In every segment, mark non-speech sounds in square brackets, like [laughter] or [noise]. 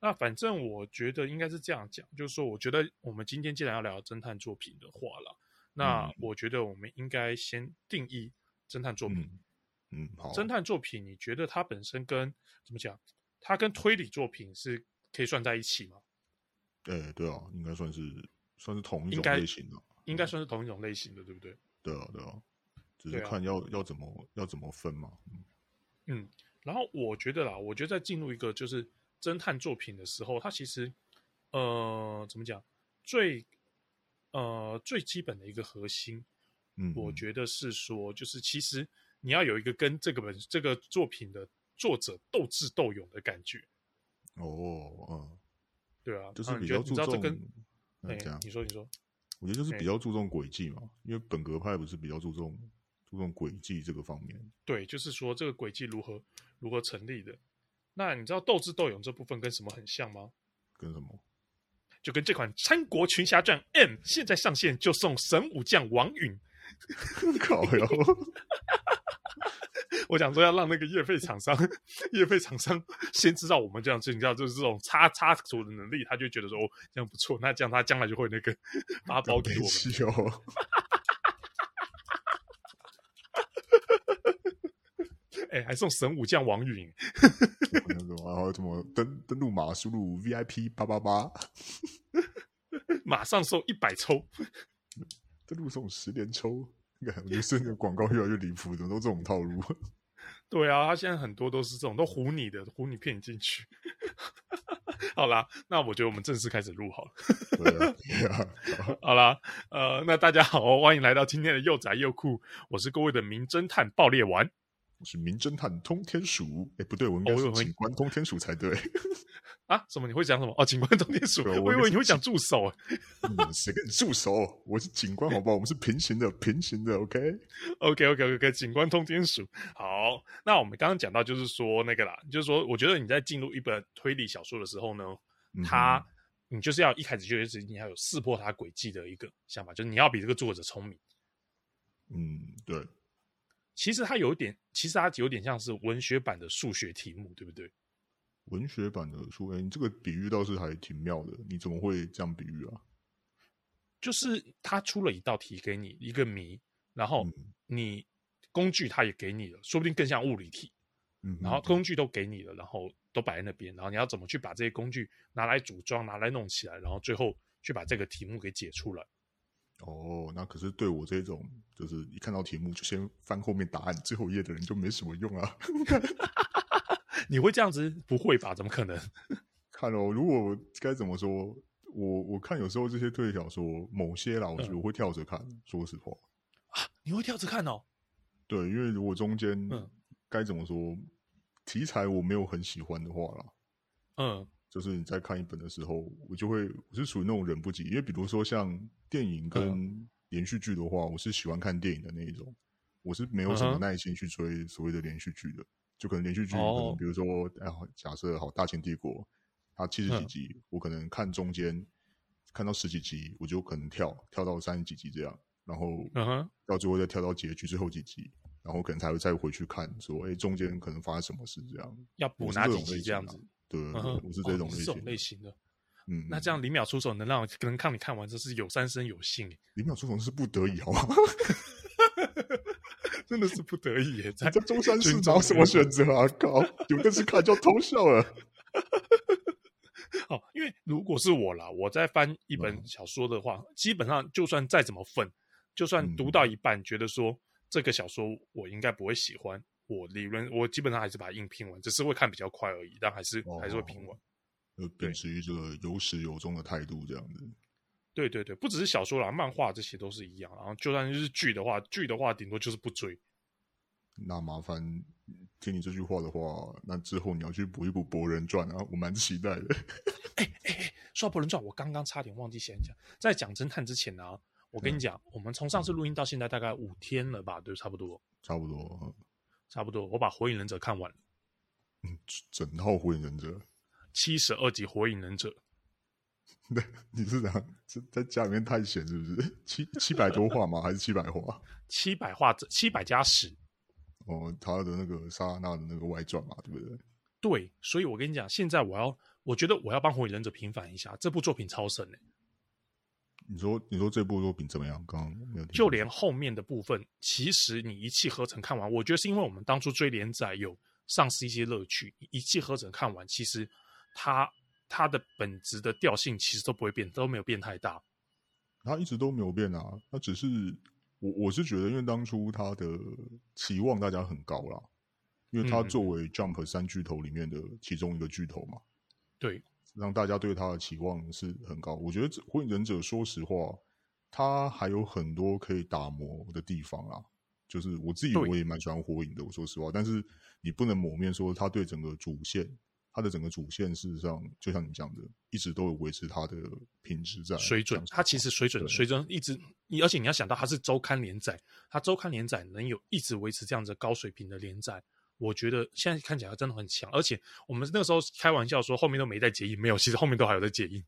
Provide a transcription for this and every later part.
那反正我覺得應該是這樣講，就是說，我覺得我們今天既然要聊偵探作品的話了，那我覺得我們應該先定義偵探作品。嗯，嗯好，偵探作品，你覺得它本身跟怎麼講？它跟推理作品是可以算在一起嗎？對、欸、對啊，應該算是算是同一種類型的應、嗯，應該算是同一種類型的，對不對？對啊對啊，只是看要、啊、要怎麼要怎麼分嘛嗯。嗯，然後我覺得啦，我覺得再進入一個就是。偵探作品的時候，它其實，呃，怎麼講？最，呃，最基本的一個核心，嗯，嗯，我覺得是說，就是其實你要有一個跟這個本這個作品的作者鬥智鬥勇的感覺。哦，啊、呃，對啊，就是比較注重跟，樣、啊欸。你說，你說，我覺得就是比較注重詭計嘛、欸，因為本格派不是比較注重注重詭計這個方面。對，就是說這個詭計如何如何成立的。那你知道鬥智鬥勇這部分跟什麼很像嗎？跟什麼？就跟這款《三國群俠傳 M》現在上線就送神武將王允，搞喲！我想說要讓那個業配廠商，業配廠商先知道我們這樣子，就你知道就是這種插插圖的能力，他就覺得說、哦、這樣不錯，那這樣他將來就會那個發 [laughs] 包給我們。 [laughs] 還送神武將王允，然後怎麼登登錄碼輸入 VIP 八八八，馬上送一百抽，這錄送十連抽。你看，就是廣告越來越離譜，怎麼都這種套路。對啊，他現在很多都是這種，都唬你的，唬你騙你進去。 [laughs] 好啦，那我覺得我們正式開始錄好了。 [laughs] 好啦，呃，那大家好、哦，歡迎來到今天的又宅又酷，我是各位的名偵探爆裂丸。我是名偵探通天鼠，哎、欸，不對，我應該是警官通天鼠才對，、哦、才對 [laughs] 啊！什麼？你會講什麼？哦，警官通天鼠，我以為你會講助手哎。誰跟你助手？ [laughs] 我是警官，好不好？我們是平行的， [laughs] 平行的，OK，OK，OK，OK，、okay? okay, okay, okay, 警官通天鼠。好，那我們剛剛講到就是說那個啦，就是說我覺得你在進入一本推理小說的時候呢，嗯、他你就是要一開始就開始你要有識破他詭計的一個想法，就是你要比這個作者聰明。嗯，對。其實它有點，其實它有點像是文學版的數學題目，對不對？文學版的數學，哎，你這個比喻倒是還挺妙的。你怎麼會這樣比喻啊？就是他出了一道題給你一個謎，然後你工具他也給你了，說不定更像物理題。嗯，然後工具都給你了，然後都擺在那邊，然後你要怎麼去把這些工具拿來組裝，拿來弄起來，然後最後去把這個題目給解出來。哦，那可是對我這種就是一看到題目就先翻後面答案最後一頁的人就沒什麼用啊！ [laughs] [laughs] 你會這樣子？不會吧？怎麼可能？看哦，如果該怎麼說，我我看有時候這些推理小說某些啦，我覺得我會跳着看、嗯。說實話啊，你會跳着看哦？對，因為如果中間該怎麼說、嗯、題材我沒有很喜歡的話啦，嗯，就是你在看一本的時候，我就會我是屬於那種忍不及，因為比如說像。電影跟連續劇的話、嗯，我是喜歡看電影的那一種，我是沒有什麼耐心去追所謂的連續劇的。嗯、就可能連續劇，可能比如說，然、哦、後、哎、假設好《大秦帝國》，它七十幾集、嗯，我可能看中間看到十幾集，我就可能跳跳到三十幾集這樣，然後到最後再跳到結局最後幾集，然後可能才會再回去看說，說哎中間可能發生什麼事這樣，嗯、要補哪幾集這樣子、啊嗯嗯啊嗯哦？對，我是這種類型、啊哦、這種類型的。嗯，嗯，那這樣零秒出手能讓我，能看你看完，這是有三生有幸。零秒出手是不得已好不好，好吧？真的是不得已在，在中山市找什麼選擇啊？靠有的是看就偷笑了。 [laughs] 好，因為如果是我啦，我在翻一本小說的話、嗯，基本上就算再怎麼糞，就算讀到一半覺得說、嗯、這個小說我應該不會喜歡，我理論我基本上還是把它硬拼完，只是會看比較快而已，但還是、哦、還是會拼完。就秉持於這個有始有終的態度，這樣的。對對對，不只是小說啦，漫畫這些都是一樣。然後，就算是劇的話，劇的話頂多就是不追。那麻煩聽你這句話的話，那之後你要去補一補《博人傳》啊，我蠻期待的。哎 [laughs] 哎、欸欸，說到《博人傳》，我剛剛差點忘記先講，在講偵探之前呢、啊，我跟你講、嗯，我們從上次錄音到現在大概五天了吧，對，差不多。差不多。差不多，我把《火影忍者》看完了。嗯，整套《火影忍者》。七十二集《火影忍者》，對，你是想在家裡面探險是不是？七七百多話嘛，還是七百話？七百話，七百加十。哦，他的那個沙拉娜的那個外傳嘛，對不對？對，所以我跟你講，現在我要，我覺得我要幫《火影忍者》平反一下，這部作品超神欸。你說，你說這部作品怎麼樣？剛剛就連後面的部分，其實你一氣呵成看完，我覺得是因為我們當初追連載有喪失一些樂趣，一氣呵成看完，其實。它它的本質的調性其實都不會變，都沒有變太大，它一直都沒有變啊。他只是我我是覺得，因為當初它的期望大家很高啦，因為它作為 Jump 三巨頭裡面的其中一個巨頭嘛，嗯嗯，對，讓大家對它的期望是很高。我覺得《火影忍者》說實話，它還有很多可以打磨的地方啦。就是我自己我也蠻喜歡火影的，我說實話，但是你不能抹滅說它對整個主線。它的整個主線事實上，就像你講的，一直都有維持它的品質在水準。它其實水準水準一直，而且你要想到它是周刊連載，它周刊連載能有一直維持這樣子高水平的連載，我覺得現在看起來真的很強。而且我們那個時候開玩笑說後面都沒在結印，沒有，其實後面都還有在結印。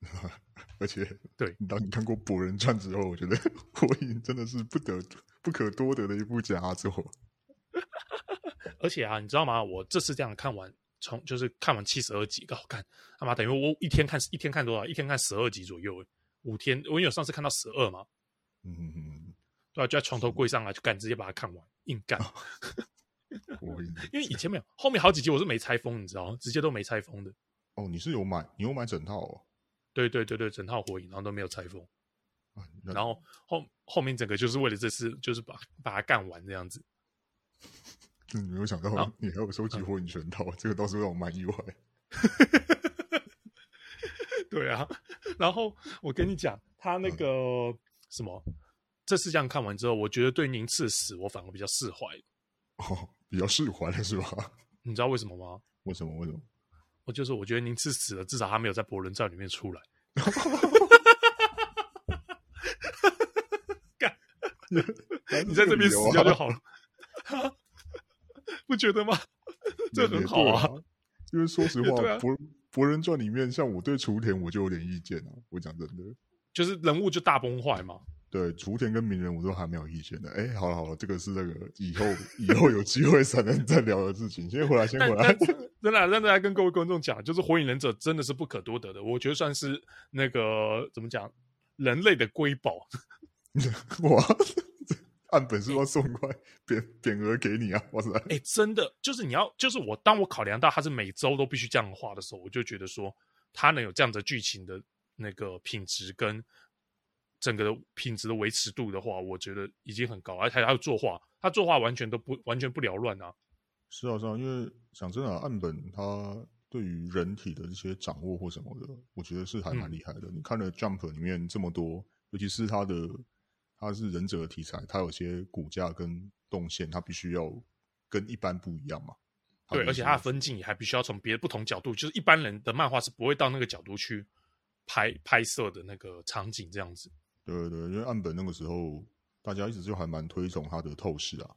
[laughs] 而且，對，當你看過《博人傳》之後，我覺得《火影》真的是不得不可多得的一部佳作。 [laughs] 而且啊，你知道嗎？我這次這樣看完。從就是看完七十二集更好看，他、喔、媽、啊、等於我一天看一天看多少？一天看十二集左右，五天。我有上次看到十二嘛，嗯嗯嗯，對啊，就在床頭櫃上來、嗯、就幹，直接把它看完，硬幹。啊、 [laughs] 因為以前沒有，後面好幾集我是沒拆封，你知道嗎？直接都沒拆封的。哦，你是有買，你有買整套哦？對對對對，整套火影，然後都沒有拆封，啊、然後後後面整個就是為了這次，就是把把它幹完這樣子。你沒有想到，你還有收集火影全套，嗯、這個倒是讓我蠻意外。 [laughs] 對啊，然後我跟你講，他那個、嗯、什麼，這次這樣看完之後，我覺得對寧次死，我反而比較釋懷。哦，比較釋懷了是吧？你知道為什麼嗎？為什麼？為什麼？我就是我覺得寧次死了，至少他沒有在博人傳裡面出來。 [laughs] [laughs] [laughs] [laughs] [laughs] [laughs] 你在這邊死掉就好了。 [laughs] [laughs] [laughs] 不覺得嗎？ [laughs] 這很好啊，啊，因為說實話，啊《博博人傳》裡面，像我對雛田，我就有點意見啊。我講真的，就是人物就大崩壞嘛。對，雛田跟鳴人，我都還沒有意見的、啊。哎、欸，好了好了，這個是那個以後 [laughs] 以後有機會才能再聊的事情。先回來，先回來。真的讓大家跟各位觀眾講，就是《火影忍者》真的是不可多得的，我覺得算是那個怎麼講，人類的瑰寶。哇。 [laughs] 岸本，是要送塊匾匾額給你啊！哇塞，哎、欸，真的就是你要，就是我當我考量到他是每週都必須這樣畫的，的時候，我就覺得說他能有這樣的劇情的那個品質跟整個的品質的維持度的話，我覺得已經很高。而且有作畫，他作畫完全都不完全不繚亂啊！是啊，是啊，因為講真的，岸本他對於人體的一些掌握或什麼的，我覺得是還蠻厲害的、嗯。你看了《Jump》裡面這麼多，尤其是他的。它是忍者的題材，它有些骨架跟動線，它必須要跟一般不一樣嘛。對，而且它的分鏡也還必須要從別的不同角度，就是一般人的漫畫是不會到那個角度去拍拍攝的那個場景這樣子。對對、對，因為岸本那個時候大家一直就還蠻推崇他的透視啊，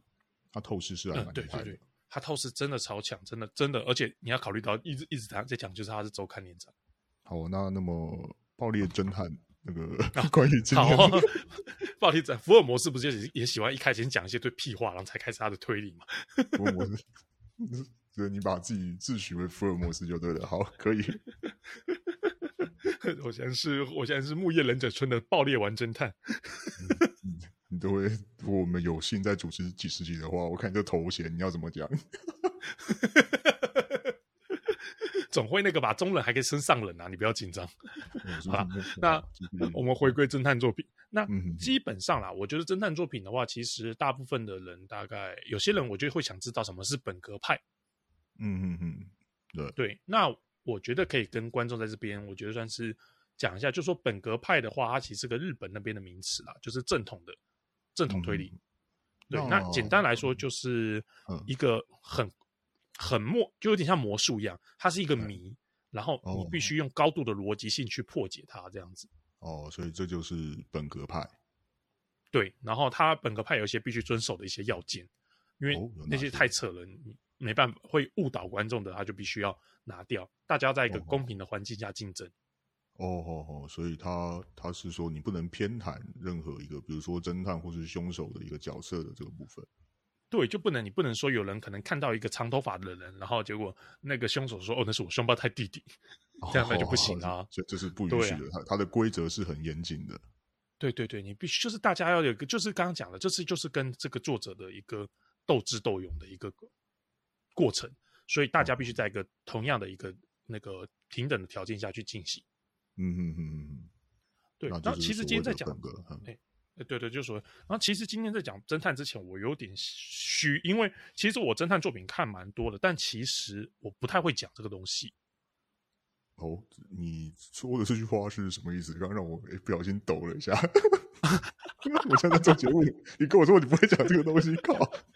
他透視是還蠻厲害的。嗯、對對對它他透視真的超強，真的真的，而且你要考慮到一直一直在在講，就是他是週刊連載。好，那那麼暴力的偵探。 [laughs] 那個，啊、關於好、哦，不好意思，福爾摩斯不是也喜歡一開始講一些對屁話，然後才開始他的推理嗎？福爾摩斯，所 [laughs] 你把自己自詡為福爾摩斯就對了。好，可以。 [laughs] 我現在是，我現在是木葉忍者村的爆裂丸偵探 [laughs] 、嗯。你都會，如果我們有幸再主持幾十集的話，我看你的頭銜你要怎麼講？ [laughs] 總會那個吧，中人還可以升上人啊，你不要緊張， [laughs] 好、啊、 [laughs] 那我們回歸偵探作品。那基本上啦，我覺得偵探作品的話，其實大部分的人大概有些人，我覺得會想知道什麼是本格派。嗯嗯嗯，對、對，那我覺得可以跟觀眾在這邊，我覺得算是講一下，就說本格派的話，它其實是個日本那邊的名詞啦，就是正統的正統推理。嗯、對、嗯，那簡單來說就是一個很。嗯很魔，就有點像魔術一樣，它是一個謎、哦，然後你必須用高度的邏輯性去破解它，這樣子。哦，所以這就是本格派。對，然後他本格派有一些必須遵守的一些要件，因為那些太扯了，你、哦、沒辦法會誤導觀眾的，他就必須要拿掉。大家在一個公平的環境下競爭。哦、好、哦、好、哦，所以他他是說你不能偏袒任何一個，比如說偵探或是凶手的一個角色的這個部分。對，就不能，你不能說有人可能看到一個長頭髮的人，然後結果那個凶手說：“哦、喔，那是我雙胞胎弟弟。”這樣那就不行啊，就，就是不允許的。他的規則是很嚴謹的。對對對，你必須就是大家要有一個，就是剛剛講的，這次就是跟這個作者的一個鬥智鬥勇的一個過程，所以大家必須在一個同樣的一個那個平等的條件下去進行。嗯嗯嗯嗯。對，然後其實今天在講。欸對對，就是說。然後其實今天在講偵探之前，我有點虛，因為其實我偵探作品看蠻多的，但其實我不太會講這個東西。哦，你說的這句話是什麼意思？剛剛讓我不小心抖了一下， [laughs] [laughs] [laughs] [laughs] 我現在做節目，你跟我說你不會講這個東西，靠 [laughs]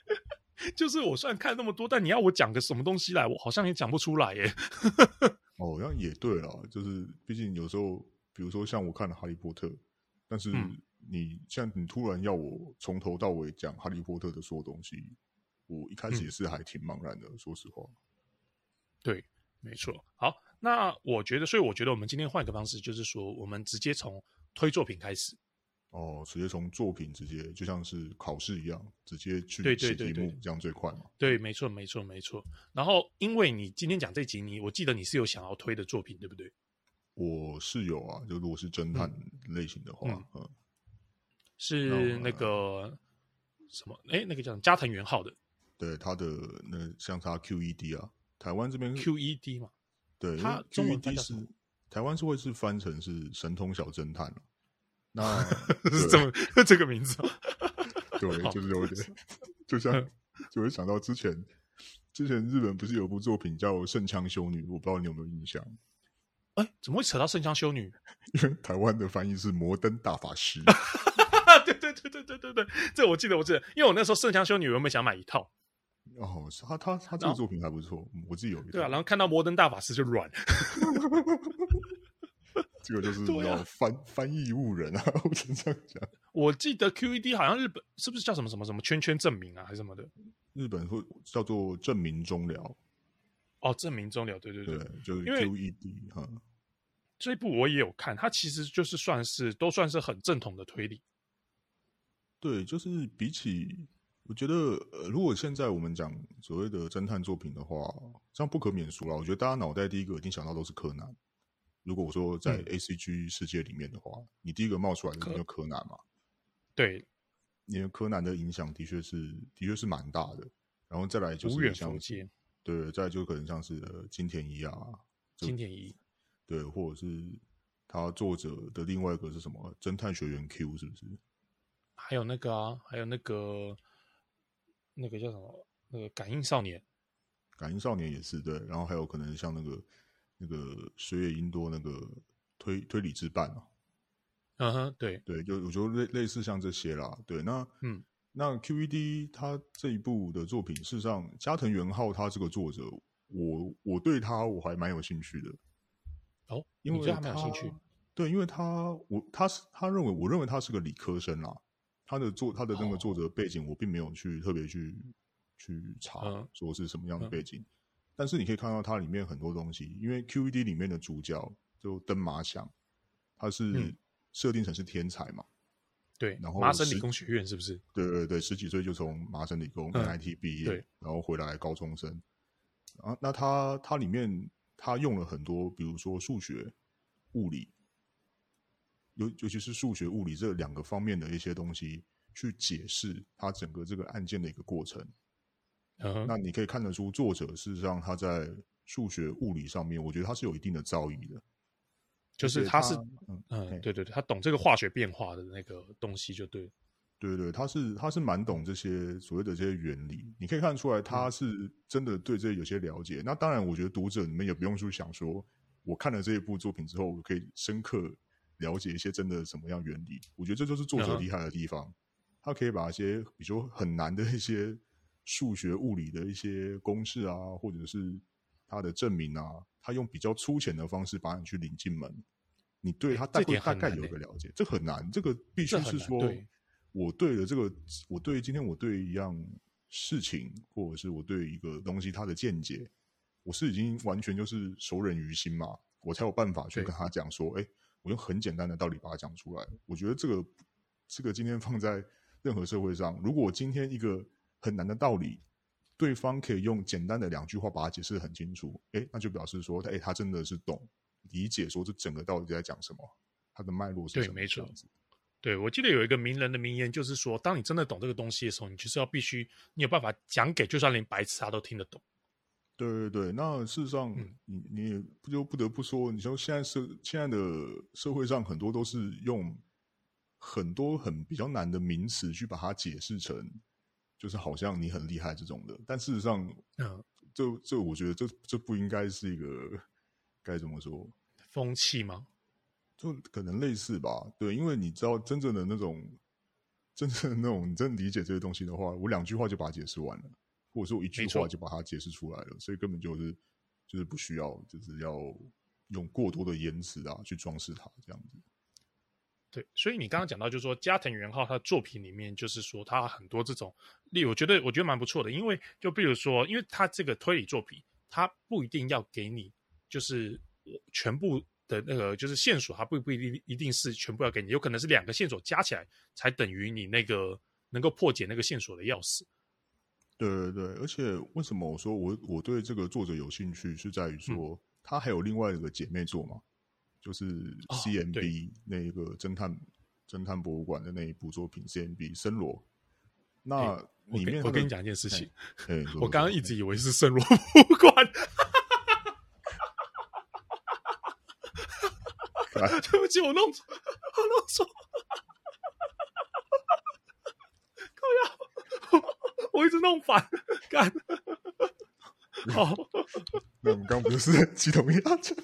[laughs] [laughs] 就是我雖然看那麼多，但你要我講個什麼東西來，我好像也講不出來耶。 [laughs] 哦，好像也對啊，就是畢竟有時候，比如說像我看了《哈利波特》，但是、嗯。你像你突然要我從頭到尾講《哈利波特》的所有東西，我一開始也是還挺茫然的，嗯、說實話。對，沒錯。好，那我覺得，所以我覺得我們今天換一個方式，就是說，我們直接從推作品開始。哦，直接從作品直接，就像是考試一樣，直接去對題目，這樣最快嘛？對，沒錯，沒錯，沒錯。然後，因為你今天講這集，你我記得你是有想要推的作品，對不對？我是有啊，就如果是偵探類型的話，嗯。是那個 no,、uh, 什麼？哎、欸，那個叫加藤元浩的，對他的那相、個、差 QED 啊，台灣這邊 QED 嘛，對他中文叫因為，QED 是台灣是會是翻成是神通小偵探、啊、那 [laughs] 是怎麼這個名字？對，就是有一點，就像 [laughs] 就會想到之前，之前日本不是有部作品叫《聖槍修女》，我不知道你有沒有印象？哎、欸，怎麼會扯到聖槍修女？因為台灣的翻譯是摩登大法師。 [laughs] 對對對對對，這我記得，我記得，因為我那時候《聖槍修女》原本想買一套。哦，他他他這個作品還不錯，哦，我自己有一套。對啊，然後看到《摩登大法師》就軟。 [laughs] [laughs] 這個就是要翻，啊、翻譯誤人啊！我只能這樣講。我記得 QED 好像日本是不是叫什麼什麼什麼圈圈證明啊，還是什麼的？日本會叫做證明終了。哦，證明終了，對對對，對就是 QED 哈。這部我也有看，它其實就是算是都算是很正統的推理。對，就是比起我覺得，呃，如果現在我們講所謂的偵探作品的話，這樣不可免俗啦，我覺得大家腦袋第一個一定想到都是柯南。如果我說在 ACG 世界裡面的話，嗯，你第一個冒出來的肯定柯南嘛？對，因為柯南的影響的確是的確是蠻大的。然後再來就是無遠，對，再來就可能像是呃，金田一啊，金田一對，或者是他作者的另外一個是什麼偵探學員 Q 是不是？還有那個啊，還有那個，那個叫什麼？那個《感應少年》。感應少年也是對，然後還有可能像那個那個水野英多那個推推理之絆哦。嗯哼，對對，就我覺得類類似像這些啦。對，那嗯，那 QED 他這一部的作品，事實上，加藤元浩他這個作者，我我對他我還蠻有興趣的。哦，因為我對他蠻有興趣，對，因為他我他是他認為我認為他是個理科生啦。他的作，他的那個作者背景，我並沒有去特別去、哦、去查，說是什麼樣的背景。嗯、但是你可以看到它裡面很多東西，因為 QED 裡面的主角就燈馬想，他是設定成是天才嘛。嗯、對，然後麻省理工學院是不是？對對對，十幾歲就從麻省理工 MIT 畢業，嗯、NITBA, 然後回來高中生。啊，那他他裡面他用了很多，比如說數學、物理。尤尤其是數學、物理這兩個方面的一些東西，去解釋它整個這個案件的一個過程。嗯、那你可以看得出，作者事實上他在數學、物理上面，我覺得他是有一定的造詣的。就是他是他嗯，嗯，對對對，他懂這個化學變化的那個東西，就對。對，對對，他是他是蠻懂這些所謂的這些原理。你可以看得出來，他是真的對這些有些了解。嗯、那當然，我覺得讀者你們也不用去想說，說我看了這一部作品之後，我可以深刻了解一些真的怎麼樣原理？我覺得這就是作者厲害的地方。Uh-huh. 他可以把一些比如說很難的一些數學、物理的一些公式啊，或者是他的證明啊，他用比較粗淺的方式把你去領進門。你對他大概這大概有個了解，這很難。這個必須是說，對我對的這個，我對今天我對一樣事情，或者是我對一個東西他的見解，我是已經完全就是熟稔於心嘛，我才有辦法去跟他講說，哎。我用很簡單的道理把它講出來，我覺得這個這個今天放在任何社會上，如果今天一個很難的道理，對方可以用簡單的兩句話把它解釋的很清楚，誒、欸，那就表示說，誒、欸，他真的是懂，理解說這整個到底在講什麼，它的脈絡是什麼。對，沒錯。對，我記得有一個名人的名言，就是說，當你真的懂這個東西的時候，你就是要必須，你有辦法講給，就算連白痴他都聽得懂。對對對，那事實上你、嗯，你你也不就不得不說，你說現在社現在的社會上很多都是用很多很比較難的名詞去把它解釋成，就是好像你很厲害這種的，但事實上，嗯，這這我覺得這這不應該是一個該怎麼說風氣嗎？就可能類似吧，對，因為你知道真正的那種真正的那種，你真理解這些東西的話，我兩句話就把它解釋完了。或者說一句話就把它解釋出來了，所以根本就是就是不需要，就是要用過多的言辭啊去裝飾它這樣子。對，所以你剛剛講到，就是說加藤元浩他作品裡面，就是說他很多這種例，我覺得我覺得蠻不錯的，因為就比如說，因為他這個推理作品，他不一定要給你就是全部的那個就是線索，他不不一定一定是全部要給你，有可能是兩個線索加起來才等於你那個能夠破解那個線索的鑰匙。對對對，而且為什麼我說我我對這個作者有興趣，是在於說、嗯、他還有另外一個姐妹作嘛，就是 CMB、啊、那一個偵探偵探博物館的那一部作品 CMB 森羅，那裡面我，那我跟你講一件事情，嘿對對對對我剛剛一直以為是森羅博物館，哈哈哈，對不起，我弄錯，我弄錯。弄反，幹好。那我們剛剛不是系統壓制？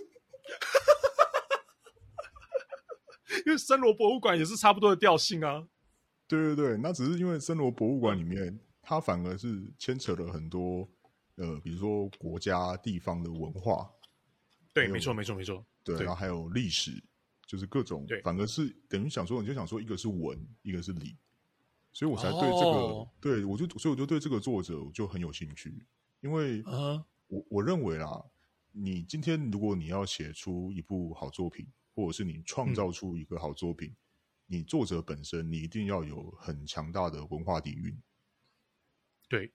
因為森羅博物館也是差不多的調性啊。對對對，那只是因為森羅博物館裡面，它反而是牽扯了很多呃，比如說國家、地方的文化。對，沒錯，沒錯，沒錯。對，然後還有歷史，就是各種。反而是等於想說，你就想說，一個是文，一個是理。所以，我才對這個，oh. 對我就，所以我就對這個作者我就很有興趣，因為我，uh. 我我認為啦，你今天如果你要寫出一部好作品，或者是你創造出一個好作品，嗯、你作者本身你一定要有很強大的文化底蘊。對，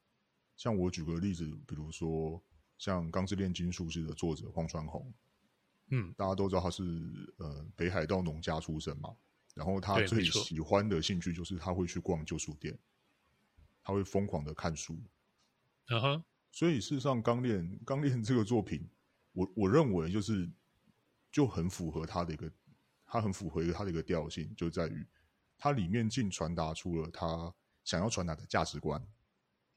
像我舉個例子，比如說像《鋼之煉金術師》的作者荒川弘，嗯，大家都知道他是、呃、北海道農家出身嘛。然後他最喜歡的興趣就是他會去逛舊書店，他會瘋狂的看書。啊、uh、哈 -huh！所以事實上鋼鍊，鋼鍊這個作品，我我認為就是就很符合他的一個，他很符合他的一個調性，就在於它裡面竟傳達出了他想要傳達的價值觀。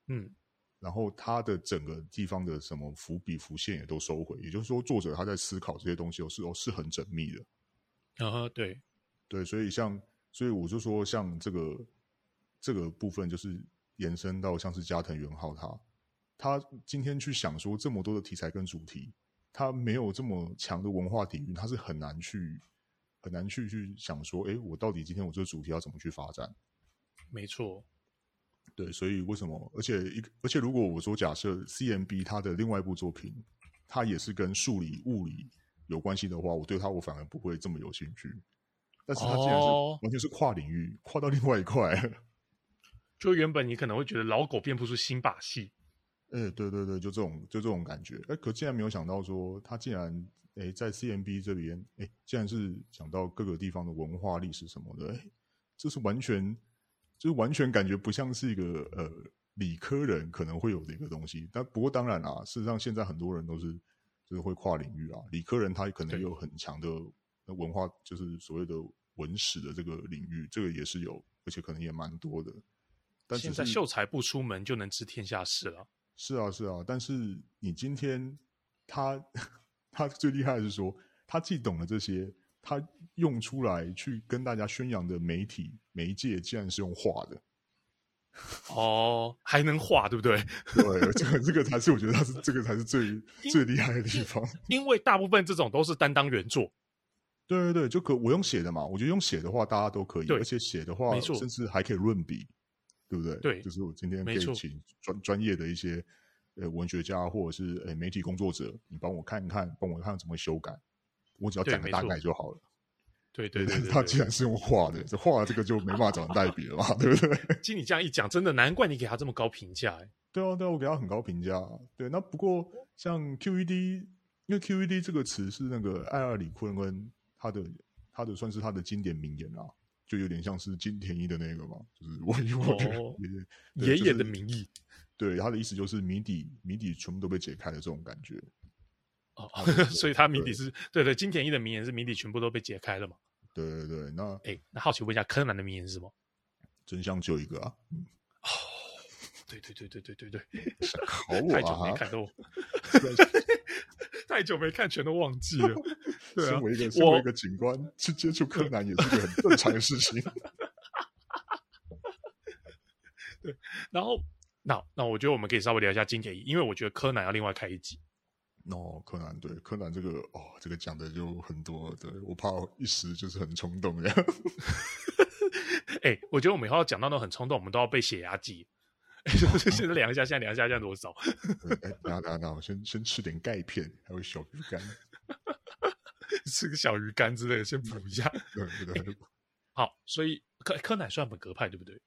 嗯，然後他的整個地方的什麼伏筆伏線也都收回，也就是說，作者他在思考這些東西是，是、哦、的時候是很縝密的。啊哈，對。對，所以像，所以我就說，像這個這個部分，就是延伸到像是加藤元浩他，他今天去想說這麼多的題材跟主題，他沒有這麼強的文化底蘊，他是很難去很難去去想說，哎，我到底今天我這個主題要怎麼去發展？沒錯，對，所以為什麼？而且一而且如果我說假設 CMB 他的另外一部作品，他也是跟數理物理有關係的話，我對他我反而不會這麼有興趣。但是他竟然是完全是跨領域，oh, 跨到另外一塊。 [laughs] 就原本你可能會覺得老狗變不出新把戲，欸，對對對，就這種就這種感覺，欸。可竟然沒有想到說他竟然，欸，在 CMB 這邊，欸，竟然是講到各個地方的文化歷史什麼的，欸，這是完全就是完全感覺不像是一個呃理科人可能會有的一個東西。但不過當然啦，事實上現在很多人都是就是會跨領域啊，理科人他可能也有很強的。那文化就是所謂的文史的這個領域，這個也是有，而且可能也蠻多的但是。現在秀才不出門就能知天下事了，是啊，是啊。但是你今天他他最厲害的是說，他既懂了這些，他用出來去跟大家宣揚的媒體媒介，竟然是用畫的。哦，還能畫，對不對？對，這個這個才是我覺得他 [laughs] 是這個才是最最厲害的地方因，因為大部分這種都是擔當原作。對對對，就可我用寫的嘛，我覺得用寫的話大家都可以，而且寫的話，甚至還可以潤筆，對不對？對，就是我今天可以請專專業的一些呃文學家或者是、呃、媒體工作者，你幫我看一看，幫我看怎麼修改，我只要講個大概就好了。對對對，對，對，對，對對，他既然是用畫的，這畫這個就沒辦法找人代筆了嘛， [laughs] 對不對？聽你這樣一講，真的難怪你給他這麼高評價，欸，對啊，對啊，我給他很高評價啊，對。那不過像 QED，因為 QED 這個詞是那個艾爾里坤跟他的他的算是他的經典名言啦、啊，就有點像是金田一的那個嘛，就是我我爺爺的名義，對、就是、爺爺的名義對，他的意思就是謎底謎底全部都被解開了這種感覺。哦、所以他謎底是對，對對金田一的名言是謎底全部都被解開了嘛？對對對，那哎、欸，那好奇問一下，柯南的名言是什麼？真相只有一個啊！哦，對對對對對對對，好、 [laughs] 啊、久沒看到。我。 [laughs] 太久沒看，全都忘記了。啊、 [laughs] 身為一個身為一個警官去接觸柯南，也是個很正常的事情。 [laughs] 對，然後那那我覺得我們可以稍微聊一下金田一，因為我覺得柯南要另外開一集。哦，柯南對柯南這個哦，這個講的就很多，對我怕我一時就是很衝動這樣。哎、 [laughs] 欸，我覺得我們以後要講到那都很衝動，我們都要備血壓計。現 [laughs] 在量一下，現在量一下，現在多少？那那那我先先吃點鈣片，還有小魚乾， [laughs] [laughs] 吃個小魚乾之類的，先補一下。對， [laughs] 對對，對、欸、好。所以柯柯南算本格派，對不對？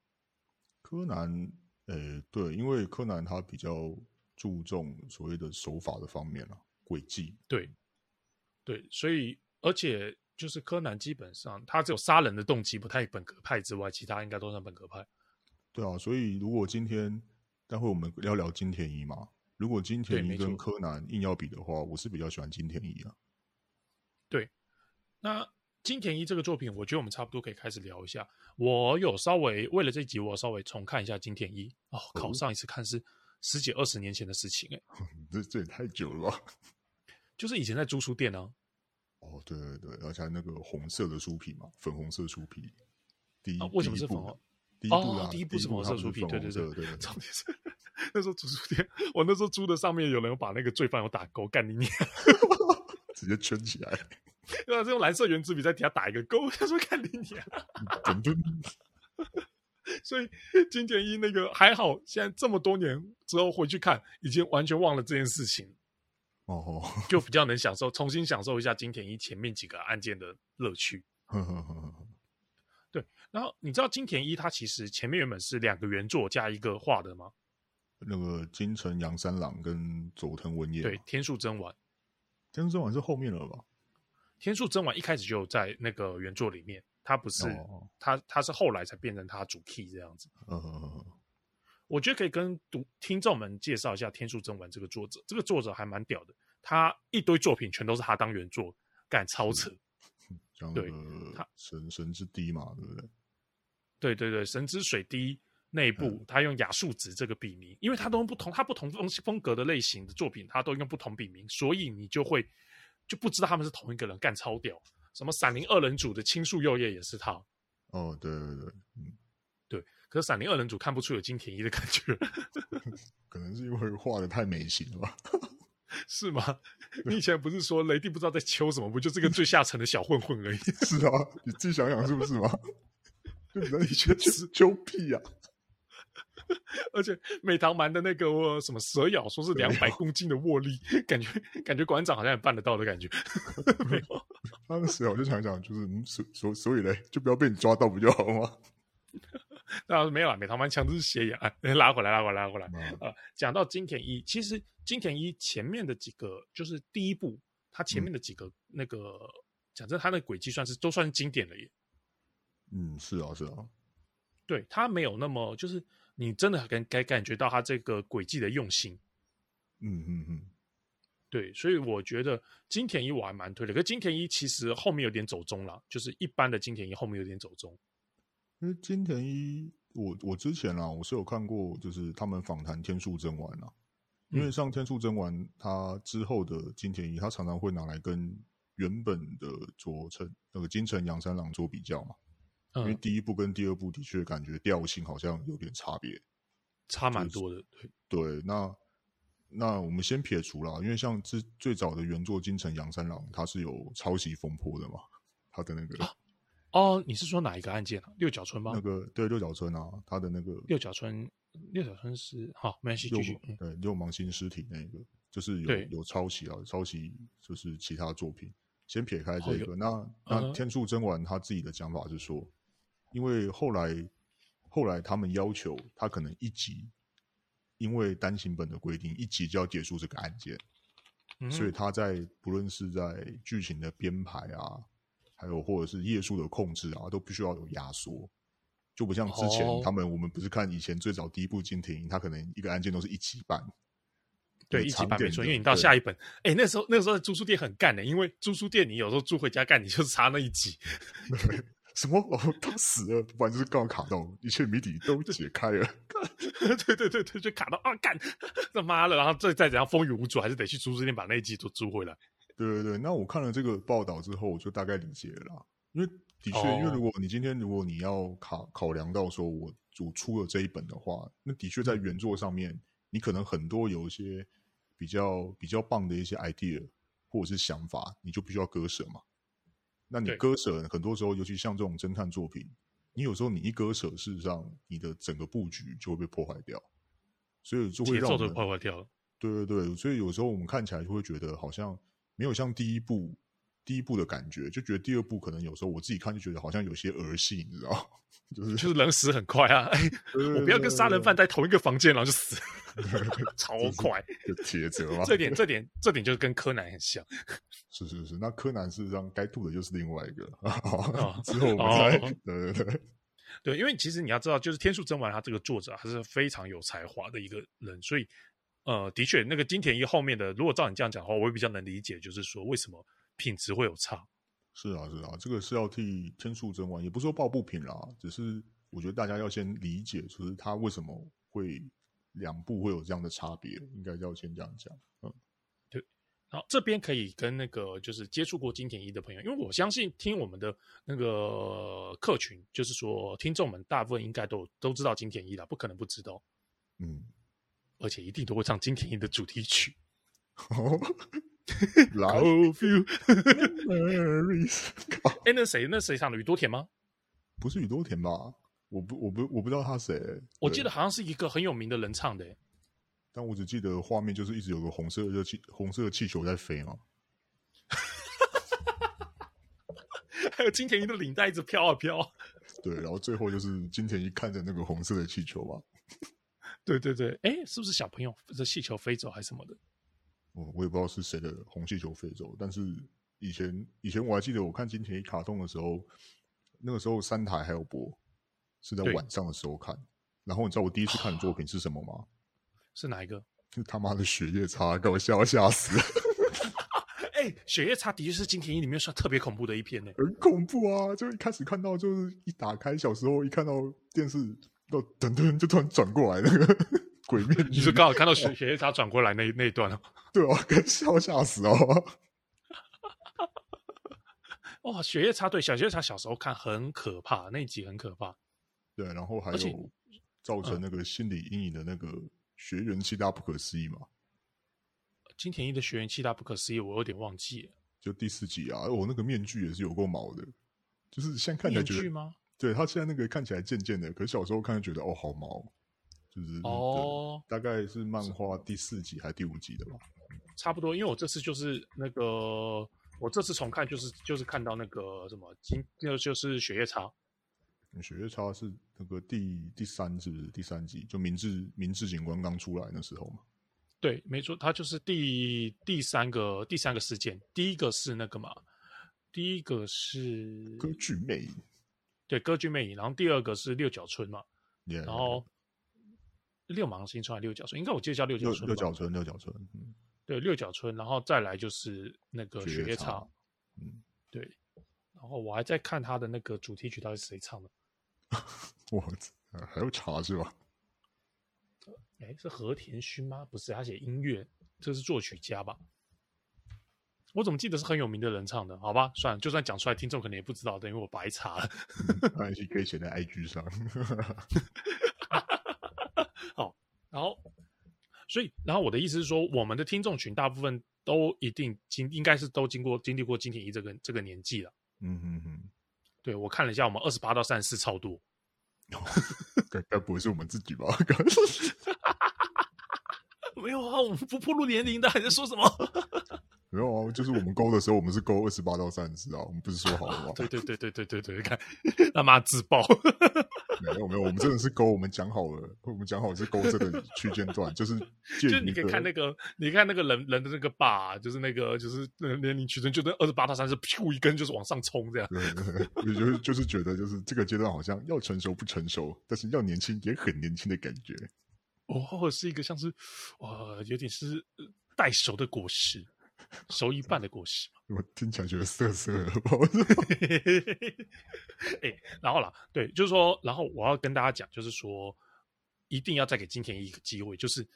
柯南，呃、欸，對，因為柯南他比較注重所謂的手法的方面了、啊，詭計。對對，所以而且就是柯南基本上他只有殺人的動機不太本格派之外，其他應該都算本格派。對啊，所以如果今天待會我們要聊金田一嘛，如果金田一跟柯南硬要比的話，我是比較喜歡金田一啊。對，那金田一這個作品，我覺得我們差不多可以開始聊一下。我有稍微為了這集，我稍微重看一下金田一哦，靠上一次看是十幾二十年前的事情哎、欸，這、嗯、 [laughs] 這也太久了吧。就是以前在租書店啊。哦，對對對，而且那個紅色的書皮嘛，粉紅色書皮，第一、啊、為什麼是粉紅？第一部啊，哦、第一部是黃色出品色，對對對對，對，對，對。重點是那時候租書店，我那時候租的上面有人把那個罪犯有打勾，幹你娘， [laughs] 直接圈起來。對啊，是用藍色圓珠筆在底下打一個勾，他說幹你娘。 [laughs] 嗯、整整 [laughs] 所以金田一那個還好，現在這麼多年之後回去看，已經完全忘了這件事情。哦，就比較能享受，重新享受一下金田一前面幾個案件的樂趣。呵呵呵然後你知道金田一他其實前面原本是兩個原作加一個畫的嗎？那個金城陽三郎跟佐藤文彥，啊，對，天樹征丸，天樹征丸是後面的吧？天樹征丸一開始就在那個原作裡面，他不是哦哦哦，他他是後來才變成他主 key 這樣子。嗯、哦哦哦，我覺得可以跟讀聽眾們介紹一下天樹征丸這個作者，這個作者還蠻屌的，他一堆作品全都是他當原作，幹超扯。對，他神神之低嘛，對不對？對對對，《神之水滴》內部、嗯、他用亞樹直這個筆名，因為他都不同，他不同風風格的類型的作品，他都用不同筆名，所以你就會就不知道他們是同一個人，幹超屌。什麼《閃靈二人組》的青樹佑夜也是他。哦，對對對，嗯，對。可是《閃靈二人組》看不出有金田一的感覺，可能是因為畫得太美型了吧？ [laughs] 是嗎？你以前不是說雷帝不知道在秋什麼，不就這個最下層的小混混而已？ [laughs] 是啊，你自己想想是不是嗎？ [laughs] 就你去屁呀、啊 [laughs] ！而且美堂蠻的那個什麼蛇咬，說是兩百公斤的握力，感覺感覺館長好像也辦得到的感覺。沒有， [laughs] 那個蛇咬，我就想講，就是所所所以嘞，就不要被你抓到，不就好嗎？當然沒有啊，美堂蠻槍都是斜眼、啊，拉回來，拉回來，拉回來啊！講到金田一，其實金田一前面的幾個，就是第一部，他前面的幾個那個，嗯、講真，他的詭計算是都算是經典的耶。嗯，是啊，是啊，對他沒有那麼就是你真的感感感覺到他這個詭計的用心，嗯嗯嗯，對，所以我覺得金田一我還蠻推的，可是金田一其實後面有點走中了，就是一般的金田一後面有點走鐘。為、嗯、金田一，我我之前啊，我是有看過，就是他們訪談天樹征丸啦。因為像天樹征丸他之後的金田一，他常常會拿來跟原本的佐成那個金成陽三郎做比較嘛。因為第一部跟第二部的確感覺調性好像有點差別，差蠻多的。對，對那那我們先撇除了，因為像最最早的原作金城陽三郎，他是有抄襲風波的嘛？他的那個、啊、哦，你是說哪一個案件啊？六角村嗎？那個對，六角村啊，他的那個六角村，六角村是好，沒關係，繼續。對，六芒星屍體那個，就是有有抄襲啊，抄襲就是其他作品。先撇開這個，哦、那那天樹真丸他自己的講法是說。因為後來，後來他們要求他可能一集，因為單行本的規定一集就要結束這個案件，嗯、所以他在不論是在劇情的編排啊，還有或者是頁數的控制啊，都必須要有壓縮。就不像之前、哦、他們，我們不是看以前最早第一部《金庭》，他可能一個案件都是一集半，對，就是，對一集半。所以你到下一本，哎，那個、時候那個、時候的租書店很乾的、欸，因為租書店你有時候租回家幹，你就是差那一集。對 [laughs] 什麼？哦，他死了，不然就是剛好卡到，一切謎底都解開了。 [laughs] 對，對對對，就卡到啊！幹，他媽了！然後再再怎樣風雨無阻，還是得去租書店把那幾本都租回來。對對對，那我看了這個報道之後，我就大概理解了。因為的確、哦，因為如果你今天如果你要考考量到說，我我出了這一本的話，那的確在原作上面，你可能很多有一些比較比較棒的一些 idea 或者是想法，你就必須要割捨嘛。那你割捨很多時候，尤其像這種偵探作品，你有時候你一割捨，事實上你的整個布局就會被破壞掉，所以就會讓壞掉。對對對，所以有時候我們看起來就會覺得好像沒有像第一部。第一部的感覺，就覺得第二部可能有時候我自己看就覺得好像有些兒戲，你知道嗎？就是就是人死很快啊！對對對對，我不要跟殺人犯在同一個房間，然後就死了，對對對對，超快就貼着了。 [laughs] 這點，這點，這點就是跟柯南很像。是是是，是，那柯南事實上該吐的就是另外一個啊、哦。之後我們再、哦、對，對對對對，因為其實你要知道，就是天數真丸他這個作者，他是非常有才華的一個人，所以呃，的確，那個金田一後面的，如果照你這樣講的話，我會比較能理解，就是說為什麼。品質會有差，是啊，是啊，這個是要替天數爭完，也不是說抱不平啦，只是我覺得大家要先理解，就是他為什麼會兩部會有這樣的差別，應該要先這樣講。嗯，對。好，這邊可以跟那個就是接觸過金田一的朋友，因為我相信聽我們的那個客群，就是說聽眾們大部分應該都都知道金田一了，不可能不知道。嗯，而且一定都會唱金田一的主題曲。 [laughs] 來，哎，那誰？那誰唱的？宇多田嗎？不是宇多田吧？我不，我不，我不知道他誰、欸。我記得好像是一個很有名的人唱的、欸。但我只記得畫面就是一直有個紅色的氣，紅色的氣球在飛嘛。 [laughs] 還有金田一的領帶一直飄啊飄。對，然後最後就是金田一看着那個紅色的氣球吧。 [laughs] 對對對，哎、欸，是不是小朋友的氣球飛走還是什麼的？我我也不知道是誰的《紅氣球》飛走，但是以前以前我還記得我看金田一卡通的時候，那個時候三台還有播，是在晚上的時候看。然後你知道我第一次看的作品是什麼嗎？是哪一個？就他媽的《雪夜叉》，給我嚇要嚇死了哎， [laughs] 欸《雪夜叉》的確是金田一裡面算特別恐怖的一篇呢、欸。很恐怖啊！就一開始看到就是一打開，小時候一看到電視，都噔噔就突然轉過來了。鬼面 [laughs] 你是剛好看到雪雪 [laughs] 夜叉轉過來那一那一段了、哦。對、啊、了 [laughs] 哦，跟笑嚇死哦！哇，雪夜叉對小雪夜叉小時候看很可怕，那一集很可怕。對，然後還有、嗯、造成那個心理陰影的那個學園七大不可思議嘛？金田一的學園七大不可思議，我有點忘記。就第四集啊，我、哦、那個面具也是有夠毛的，就是先看起來覺得，面具嗎？對他現在那個看起來賤賤的，可是小時候看就覺得哦好毛。是哦、oh,，大概是漫畫第四集還是第五集的吧？差不多，因為我這次就是那個，我這次重看就是就是看到那個什麼，就就是雪夜叉。雪夜叉是那個第第三,是是第三集，第三集就明智明智警官剛出來那時候嘛？對，沒錯，他就是第第三個第三個事件，第一個是那個嘛，第一個是歌劇魅影，對，歌劇魅影，然後第二個是六角村嘛，yeah, 然後。六芒星出來，六角村應該我記得叫六角村，六角村，六角村，嗯，對，六角村，然後再來就是那個雪夜茶，嗯，對，然後我還在看他的那個主題曲到底是誰唱的， [laughs] 我還有茶是吧？哎，是和田薰嗎？不是，他寫音樂，這是作曲家吧？我怎麼記得是很有名的人唱的？好吧，算了，就算講出來，聽眾可能也不知道的，等於我白查了。 [laughs] 還是可以寫在 IG 上。 [laughs] 然後，所以，然後我的意思是說，我們的聽眾群大部分都一定經，應該是都經過經歷過金田一這個這個年紀了。嗯嗯嗯，對我看了一下，我們二十八到三十四超多， [laughs] 該該不會是我們自己吧？ [laughs] 沒有啊，我們不暴露年齡的，你在說什麼？ [laughs] 沒有啊，就是我們勾的時候，我們是勾二十八到三十啊，我們不是說好了嗎、啊？對對對對對對對，你看他媽自爆， [laughs] 沒有沒有，我們真的是勾，我們講好了，我們講好是勾這個區間段， [laughs] 就是就你可以看那個，你看那個人人的那個把，就是那個就是年齡區間就在二十八到三十，咻一根就是往上衝這樣。對，對，對，我就是就是覺得就是這個階段好像要成熟不成熟，但是要年輕也很年輕的感覺。哦，是一個像是哇、哦，有點是帶熟的果實。熟一半的故事 [laughs] 我聽起來覺得色色。哎 [laughs] [laughs] 欸，然後啦，對，就是說，然後我要跟大家講，就是說，一定要再給金田一個機會。就是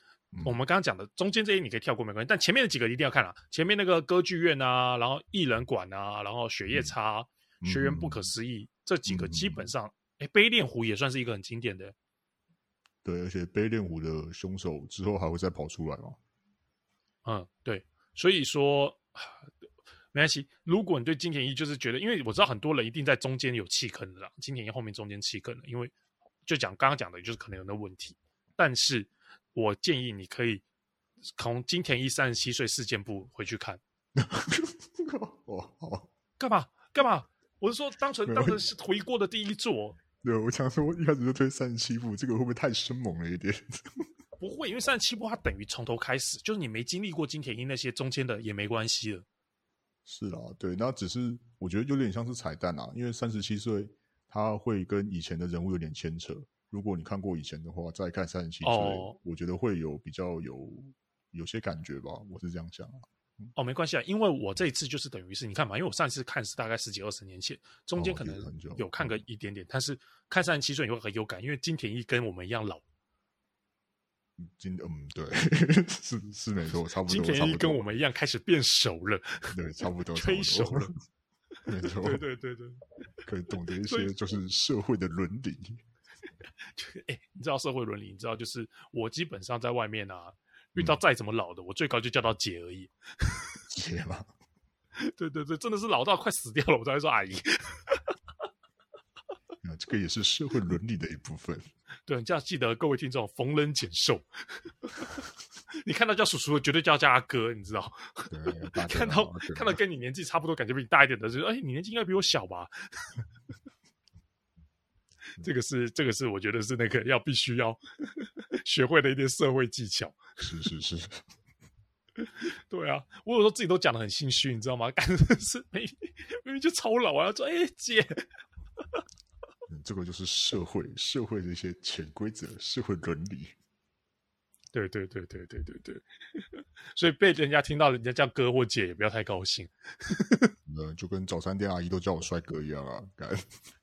我們剛剛講的、嗯、中間這些你可以跳過沒關係，但前面的幾個一定要看啊。前面那個歌劇院吶、啊，然後藝人館吶、啊，然後雪夜叉、嗯嗯、學園不可思議、嗯、這幾個，基本上，哎、欸，悲戀湖也算是一個很經典的。對，而且悲戀湖的凶手之後還會再跑出來嘛？嗯，對。所以說沒關係，如果你對金田一就是覺得，因為我知道很多人一定在中間有棄坑的啦，金田一後面中間棄坑了，因為就講剛剛講的，就是可能有那問題。但是我建議你可以從金田一三十七歲事件簿回去看。 [laughs] 哦哦，幹嘛幹嘛？我是說當純，當成當成是回鍋的第一作。對，我想說，一開始就推三十七部，這個會不會太生猛了一點？ [laughs] 不會，因為三十七部它，等於從頭開始，就是你沒經歷過金田一那些中間的也沒關係了。是啦、啊，對，那只是我覺得有點像是彩蛋啦、啊，因為三十七歲他會跟以前的人物有點牽扯。如果你看過以前的話，再看三十七歲、哦，我覺得會有比較有有些感覺吧，我是這樣想、啊嗯。哦，沒關係啊，因為我這一次就是等於是你看嘛，因為我上一次看是大概十幾二十年前，中間可能有看個一點點，哦、但是看三十七歲也會很有感，因為金田一跟我們一樣老。金嗯，對，是是沒錯，差不多差不多，跟我們一樣開始變熟了。對，差不多，變熟了，沒錯，對對對對，可以懂得一些就是社會的倫理、欸。你知道社會倫理？你知道就是我基本上在外面啊，遇到再怎麼老的、嗯，我最高就叫到姐而已。姐嗎？對對對，真的是老到快死掉了，我才說阿姨。這個也是社會倫理的一部分。對，你就要記得，各位聽眾，逢人減壽。 [laughs] 你看到叫叔叔，絕對就要叫叫阿哥，你知道？對啊、 [laughs] 看到對、啊對啊、看到跟你年紀差不多，感覺比你大一點的，就是哎，你年紀應該比我小吧？”這個是這個是，這個、是我覺得是那個要必須要學會的一些社會技巧。 [laughs] 是是是。 [laughs] 對啊，我有時候自己都講的很心虛，你知道嗎？感覺是沒明明就超老，啊，要說：“哎，姐。 [laughs] ”嗯，這個就是社會社會的一些潛規則，社會倫理。對對對對對對對，對， [laughs] 所以被人家聽到人家叫哥或姐，也不要太高興。 [laughs] [laughs] 就跟早餐店阿姨都叫我帥哥一樣啊。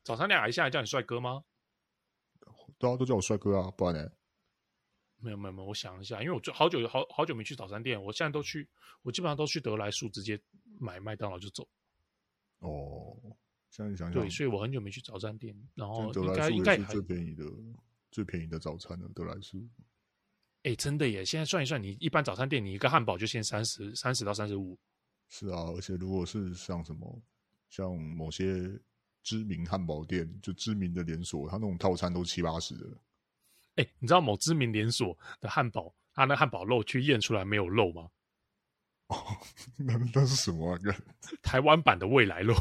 早餐店阿姨現在叫你帥哥嗎？大家、啊、都叫我帥哥啊，不然呢？沒有沒有沒有，我想一下，因為我就好久好好久沒去早餐店，我現在都去，我基本上都去得來速直接買麥當勞就走。哦。像你想想，對，所以我很久沒去早餐店，然後應該應該最便宜的，最便宜的早餐了。得來速，哎，真的耶！現在算一算你，你一般早餐店，你一個漢堡就現三十三十到三十五，是啊。而且如果是像什麼像某些知名漢堡店，就知名的連鎖，它那種套餐都七八十的。哎，你知道某知名連鎖的漢堡，它那漢堡肉去驗出來沒有肉嗎？哦，那那是什麼啊？台灣版的未來肉。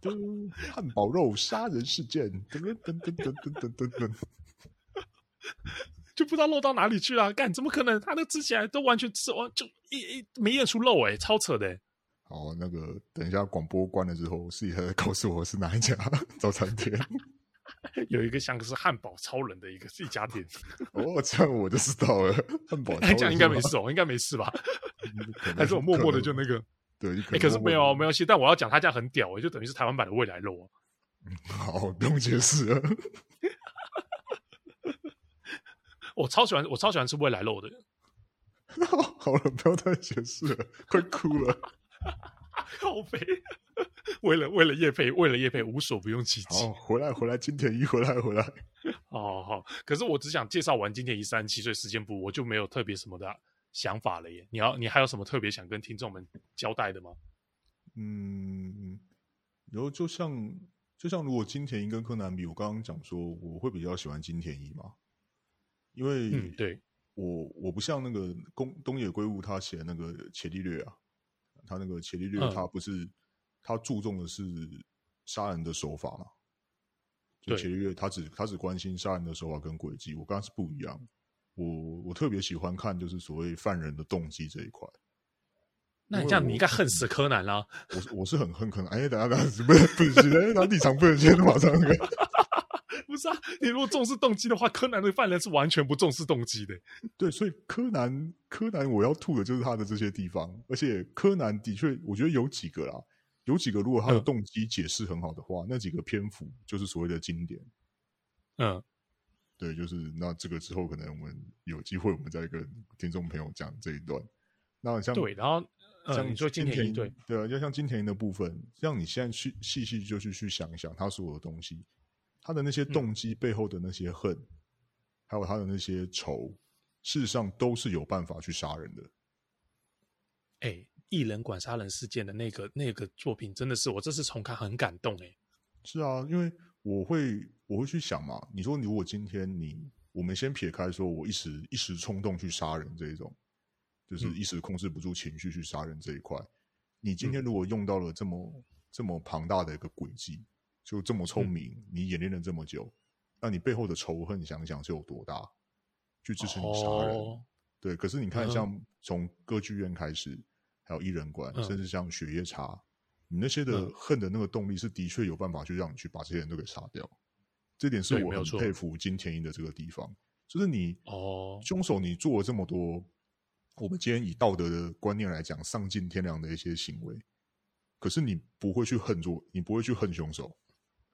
漢堡肉殺人事件，噔噔噔，噔噔噔噔噔噔噔噔，就不知道漏到哪裡去了。幹，怎麼可能？他那吃起來都完全吃完，就一一沒驗出肉哎、欸，超扯的、欸。好，那個等一下廣播關了之後，試一下告訴我是哪一家早餐店。有一個像是漢堡超人的一個是一家店。哦，這樣我就知道了。漢堡這樣應該沒事、喔，哦，應該沒事吧？嗯、還是我默默的就那個。對你可、欸，可是沒有，沒有，但我要講，他家很屌、欸，就等於是台灣版的未來肉、啊嗯。好，不用解釋了。 [laughs] 我超喜歡，我超喜歡吃未來肉的。好，好了，不要再解釋了，快哭了。好 [laughs] 佩，為了為了業配為了業配，無所不用其極。回來回來，金田一回來回來。哦 [laughs] 好，好，好，可是我只想介紹完金田一三七，所以時間不，我就沒有特別什麼的。想法了耶！你要你還有什麼特別想跟聽眾們交代的嗎？嗯，然後就像就像如果金田一跟柯南比，我剛剛講說我會比較喜歡金田一嘛，因為嗯，對我我不像那個東東野圭吾他寫的那個《伽利略》啊，他那個《伽利略》他不是、嗯、他注重的是殺人的手法嘛，就《伽利略》他只他只關心殺人的手法跟軌跡，我剛剛是不一樣。我我特別喜歡看就是所謂犯人的動機這一塊。那你這樣你應該恨死柯南啦。我是我是很恨柯南。 [laughs] 哎，等下，等下，不是不是，先、哎，等下立場不能先 [laughs] 馬上來。 [laughs] 不是啊，你如果重視動機的話， [laughs] 柯南的犯人是完全不重視動機的。對，所以柯南柯南我要吐的就是他的這些地方。而且柯南的確，我覺得有幾個啦，有幾個如果他的動機解釋很好的話、嗯，那幾個篇幅就是所謂的經典。嗯。對，就是那這個之後，可能我們有機會，我們再跟聽眾朋友講這一段。那像對，然後、呃、像、嗯、你說金田一，對對，就像金田一的部分，像你現在去細細就是去，去想一想他所有的東西，他的那些動機、嗯、背後的那些恨，還有他的那些仇，事實上都是有辦法去殺人的。哎、欸，異人館殺人事件的那個那個作品真的是我這次重看很感動哎、欸。是啊，因為我會。我會去想嘛，你說，如果今天你，我們先撇開說，我一時一時衝動去殺人這一種，就是一時控制不住情緒去殺人這一塊。嗯、你今天如果用到了這麼、嗯、這麼龐大的一個詭計，就這麼聰明，嗯、你演練了這麼久，嗯、那你背後的仇恨，想想是有多大，去支持你殺人。哦、對。可是你看，像從歌劇院開始，還有異人館、嗯，甚至像雪夜叉、嗯，你那些的恨的那個動力，是的確有辦法去讓你去把這些人都給殺掉。這點是我很佩服金田一的這個地方，就是你哦，凶手你做了這麼多，我們今天以道德的觀念來講，喪盡天良的一些行為，可是你不會去恨做，你不會去恨凶手，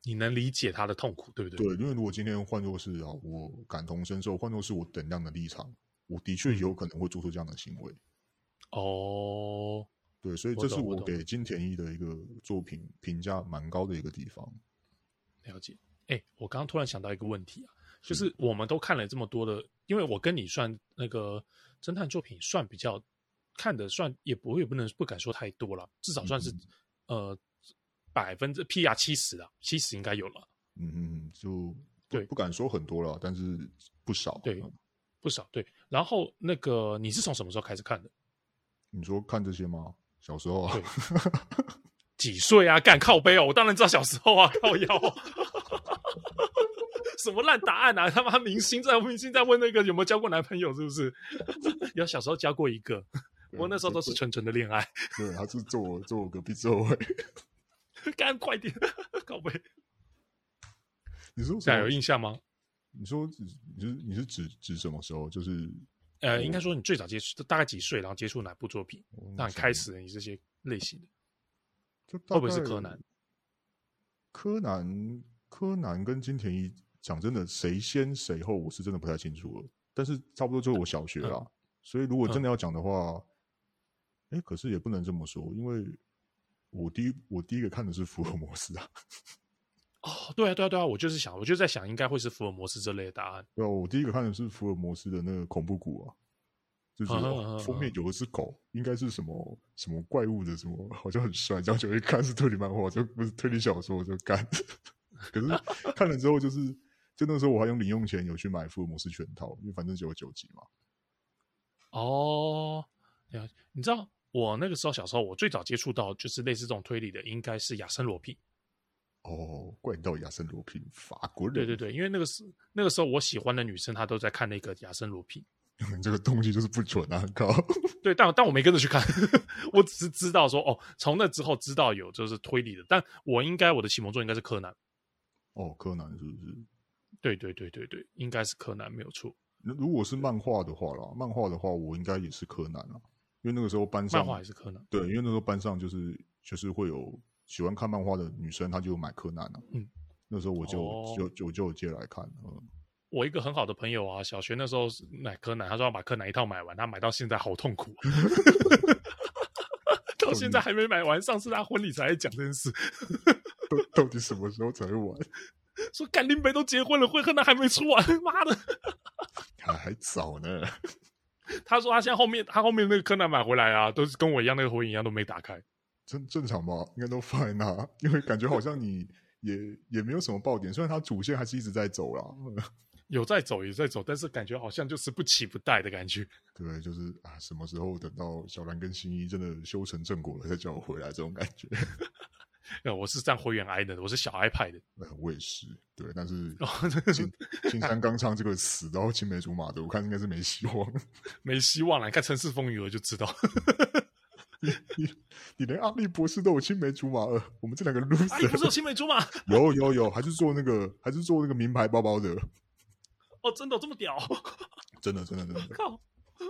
你能理解他的痛苦，對不對？對，因為如果今天換做是啊，我感同身受，換作是我等量的立場，我的確有可能會做出這樣的行為。嗯、哦，對，所以這是我給金田一的一個作品評價蠻高的一個地方。了解。哎、欸，我剛剛突然想到一個問題啊，就是我們都看了這麼多的，因為我跟你算那個偵探作品算比較看的，算也不會不能不敢說太多了，至少算是、嗯、呃百分之 P R 七十啊，七十應該有了。嗯嗯，就對，不敢說很多了，但是不少，對、嗯、不少對。然後那個你是從什麼時候開始看的？你說看這些嗎？小時候啊， [laughs] 幾歲啊？幹靠背哦，我當然知道小時候啊，靠腰、哦。 [laughs] 什麼爛答案啊！他媽明星在問，明星在問那個有沒有交過男朋友，是不是？ [laughs] [laughs] 有，小時候交過一個，我那時候都是純純的戀愛。對，對他就坐我，坐我隔壁座位。幹 [laughs] 快點，靠北。你說，說有印象嗎？你說指你是你是指指什麼時候？就是呃，應該說你最早接觸大概幾歲，然後接觸哪部作品，讓開始你這些類型的？就大概是柯南。柯南，柯南跟金田一。講真的，誰先誰後，我是真的不太清楚了。但是差不多就是我小學了，嗯嗯，所以如果真的要講的話，哎、嗯欸，可是也不能這麼說，因為我第一我第一個看的是《福爾摩斯》啊。哦，對啊，對啊，對啊，我就是想，我就在想，應該會是《福爾摩斯》這類的答案。對啊，我第一個看的是《福爾摩斯》的那個恐怖谷啊，就是、嗯嗯嗯哦，封面有的是狗，應該是什麼什麼怪物的什麼，好像很帥，這樣就一看是推理漫畫，就不是推理小說，我就看。可是看了之後就是。嗯嗯就那個時候，我還用零用錢有去買福爾摩斯全套，因為反正只有九集嘛。哦、oh, 呀，你知道我那個時候小時候，我最早接觸到就是類似這種推理的，應該是亞森羅蘋。哦、oh,，怪盜亞森羅蘋，法國人。對對對，因為那個時候那個時候，我喜歡的女生她都在看那個亞森羅蘋。 [laughs] 你這個東西就是不準啊，很靠。 [laughs] 對，但但我沒跟着去看， [laughs] 我只是知道說哦，從那之後知道有就是推理的，但我應該我的啟蒙作應該是柯南。哦、oh,，柯南是不是？對對對對對，應該是柯南沒有錯。那如果是漫畫的話啦，漫畫的話，我應該也是柯南啦，因為那個時候班上漫畫也是柯南。對，因為那時候班上就是就是會有喜歡看漫畫的女生，她就買柯南、啊、嗯，那時候我就、哦、就我就借來看。嗯，我一個很好的朋友啊，小學那時候買柯南，他說要把柯南一套買完，他買到現在好痛苦、啊， [laughs] 到現在還沒買完。上次他婚禮才講這件事，到 [laughs] 到底什麼時候才會完？說幹林北都結婚了，惠和奈還沒出完，媽的，還早呢。 [laughs] 他說他現在後面他後面那個柯南買回來啊，都是跟我一樣那個火影一樣都沒打開，正正常吧？應該都放在那，因為感覺好像你也 [laughs] 也，也沒有什麼爆點，雖然他主線還是一直在走啦， [laughs] 有在走，也在走，但是感覺好像就是不期不待的感覺。對，就是啊，什麼時候等到小蘭跟新一真的修成正果了，再叫我回來這種感覺。 [laughs] 嗯、我是站灰原哀的，我是小哀派。那、嗯、我也是，對，但是金金三剛唱這個詞， [laughs] 然後青梅竹馬的，我看應該是沒希望，沒希望了。你看《城市風雨》就知道， [laughs] 你你你連阿笠博士都有青梅竹馬呃，我們這兩個 loser。阿笠博士有青梅竹馬？有有有，有，還是做那個，還是做那個名牌包包的？哦，真的這麼屌？真的真的真的！靠，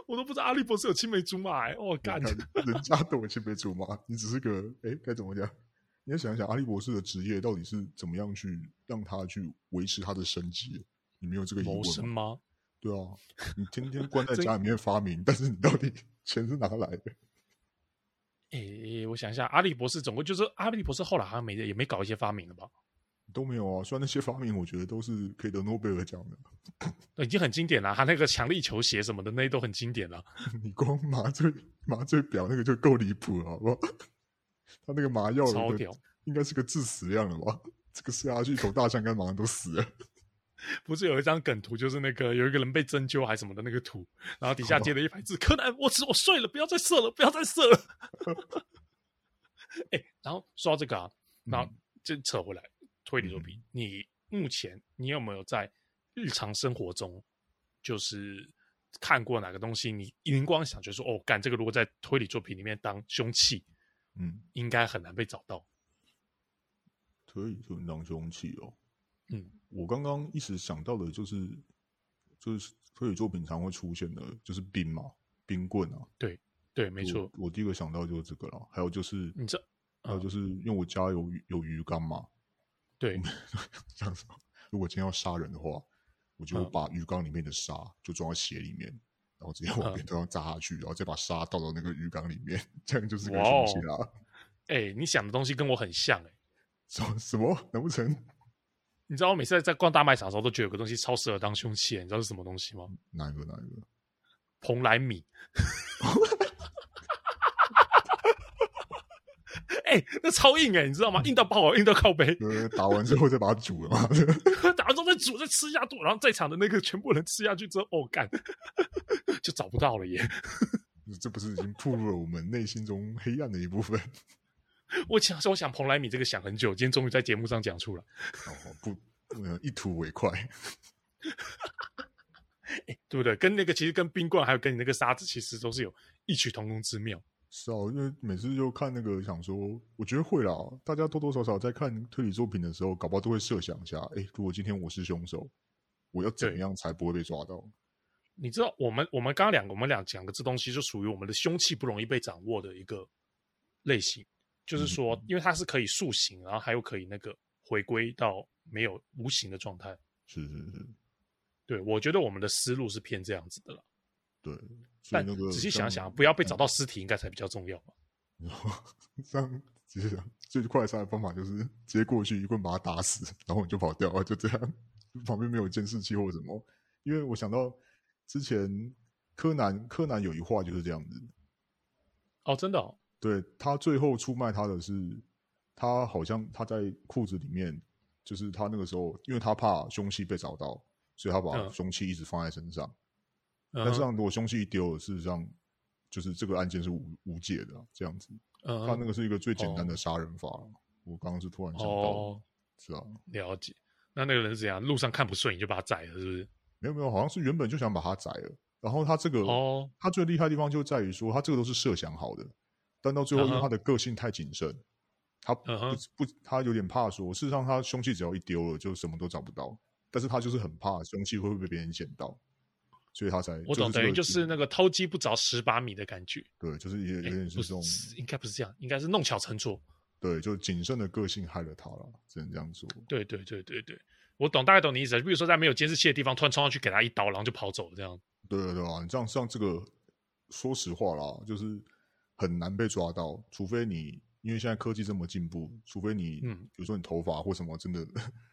我都不知道阿笠博士有青梅竹馬、欸，我、哦、靠，人家都有青梅竹馬，你只是個哎，該、欸、怎麼講？你要想一想，阿笠博士的職業到底是怎麼樣去讓他去維持他的生計？你沒有這個疑問嗎,嗎？對啊，你天天關在家裡面發明， [laughs] 但是你到底錢是哪來的？哎、欸欸，我想一下，阿笠博士總共就是阿笠博士後來好像沒也沒搞一些發明了吧？都沒有啊，雖然那些發明我覺得都是可以得諾貝爾獎的， [laughs] 已經很經典了。他那個強力球鞋什麼的，那都很經典了。 [laughs] 你光麻醉麻醉表那個就夠離譜了，好不好？他那個麻藥，超屌，應該是個致死量了吧？這個射下去，一口大象幹嘛都死了 [laughs] 不是有一張梗圖，就是那個有一個人被針灸還是什麼的那個圖，然後底下接了一排字：“柯南，我我睡了，不要再射了，不要再射了。 [laughs] ”哎、 [laughs] 欸，然後說到這個，啊，然後就扯回來，嗯、推理作品，嗯、你目前你有沒有在日常生活中，就是看過哪個東西？你靈光想就說：“哦，幹這個如果在推理作品裡面當兇器。”嗯，應該很難被找到。可以就當凶器哦。嗯，我剛剛一時想到的，就是，就是就是推理作品常會出現的，就是冰嘛，冰棍啊。對對，沒錯我。我第一個想到就是這個了。還有就是，你這，哦、還有就是，因為我家有有魚缸嘛。對，這樣子。如果真要殺人的話，我就會把魚缸裡面的沙就裝在鞋裡面。然後直接往頭上扎下去，然後再把沙倒到那個魚缸裡面，這樣就是個兇器啦。哎、哦 [laughs] 欸，你想的東西跟我很像哎、欸。什什麼？難不成？你知道我每次在在逛大賣場的時候，都覺得有個東西超適合當兇器、欸，你知道是什麼東西嗎？哪一個？哪一個？蓬萊米。 [laughs] 欸，那超硬哎，欸，你知道嗎？硬到爆，硬到靠背。打完之後再把它煮了嘛， [laughs] 打完之後再煮再吃下肚，然後在場的那個全部人吃下去之後，哦幹，就找不到了耶。 [laughs] 這不是已經暴露了我們內心中黑暗的一部分？我想說我想蓬萊米這個想很久，今天終於在節目上講出來。哦不，呃、一吐為快 [laughs] ，欸，對不對？跟那個其實跟冰棍，還有跟你那個沙子，其實都是有異曲同工之妙。是啊、哦，因為每次就看那個，想說，我覺得會啦。大家多多少少在看推理作品的時候，搞不好都會設想一下：誒，如果今天我是兇手，我要怎樣才不會被抓到？你知道，我們我們剛剛兩個，我們倆講的這東西，就屬於我們的兇器不容易被掌握的一個類型。就是說、嗯，因為它是可以塑形，然後還有可以那個回歸到沒有無形的狀態。是是是，對，我覺得我們的思路是偏這樣子的了。對。是，但仔細想想，不要被找到屍體應該才比較重要。然後， [laughs] 這樣，其實最快殺的方法就是直接過去一棍把他打死，然後就跑掉啊，就這樣。旁邊沒有監視器或者什麼。因為我想到之前柯南，柯南有一話就是這樣子。哦，真的哦？對，他最後出賣他的是，他好像他在褲子裡面，就是他那個時候，因為他怕兇器被找到，所以他把兇器一直放在身上。嗯但是如果兇器一丟了，uh -huh. 事實上，就是這個案件是無無解的、啊、這樣子。Uh -huh. 他那個是一個最簡單的殺人法、啊。Oh. 我剛剛是突然想到，oh. 是啊，了解。那那個人是怎樣？路上看不順眼就把他宰了，是不是？沒有沒有，好像是原本就想把他宰了。然後他這個，哦、oh.，他最厲害的地方就在於說，他這個都是設想好的，但到最後因為他的個性太謹慎，uh -huh. 他不不，他有點怕說，事實上他兇器只要一丟了，就什麼都找不到。但是他就是很怕兇器會不會被別人撿到。所以他才我懂，等於就是、這個、就是那個偷雞不着蝕把米的感覺。對，就是也有點是這種，欸、應該不是這樣，應該是弄巧成拙。對，就謹慎的個性害了他了，只能這樣做。對對對對對，我懂，大概懂你意思。比如說在沒有監視器的地方突然衝上去給他一刀，然後就跑走了這樣。對對對啊，你這樣，像這個，說實話啦，就是很難被抓到，除非你因為現在科技這麼進步，除非你，嗯，比如說你頭髮或什麼真的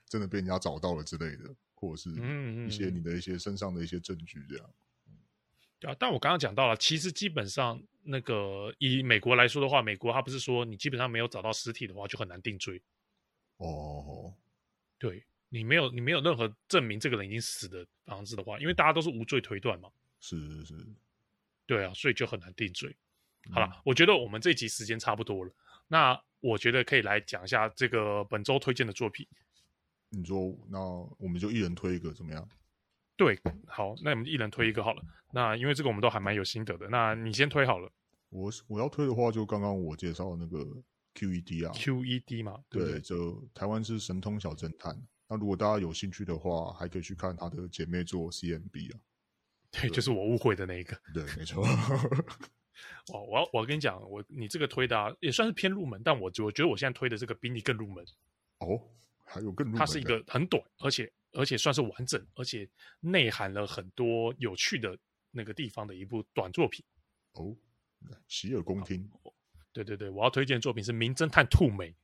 真的被人家找到了之類的。或者是嗯一些你的一些身上的一些證據這樣，嗯嗯、啊，但我剛剛講到了，其實基本上那個以美國來說的話，美國它不是說你基本上沒有找到屍體的話就很難定罪哦，對你沒有你沒有任何證明這個人已經死的房子的話，因為大家都是無罪推斷嘛，是是是，對啊，所以就很難定罪。好了、嗯，我覺得我們這集時間差不多了，那我覺得可以來講一下這個本周推薦的作品。你說，那我們就一人推一個怎麼樣？對，好，那我們一人推一個好了。那因為這個我們都還蠻有心得的。那你先推好了。我我要推的話，就剛剛我介紹的那個 QED 啊，QED 嘛，對，就台灣是神通小偵探。那如果大家有興趣的話，還可以去看他的姐妹作 CMB 啊。對，對就是我誤會的那一個。對，沒錯。我、 [laughs] 哦、我要我要跟你講，我你這個推的，啊、也算是偏入門，但我我覺得我現在推的這個比你更入門。哦。還有更的，它是一個很短，而且而且算是完整，而且內含了很多有趣的那個地方，的一部短作品。哦，洗耳恭聽、哦。對對對，我要推薦的作品是《名偵探兔美》。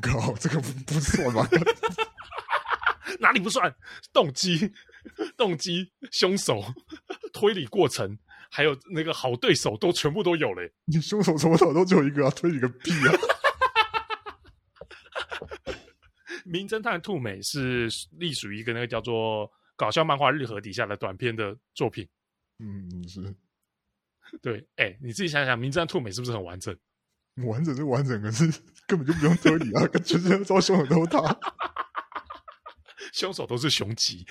靠，這個不算嗎？ [laughs] [laughs] 哪裡不算？動機、動機、兇手、推理過程，還有那個好對手都全部都有嘞、欸。你兇手怎麼搞都只有一個、啊？推理個屁啊！ [laughs] 《名偵探兔美》是隸屬於一個那個叫做搞笑漫畫日和底下的短片的作品。嗯，是。對，哎、欸，你自己想想，《名偵探兔美》是不是很完整？完整是完整，可是根本就不用推理啊， [laughs] 就是凶手都大， [laughs] 凶手都是熊吉。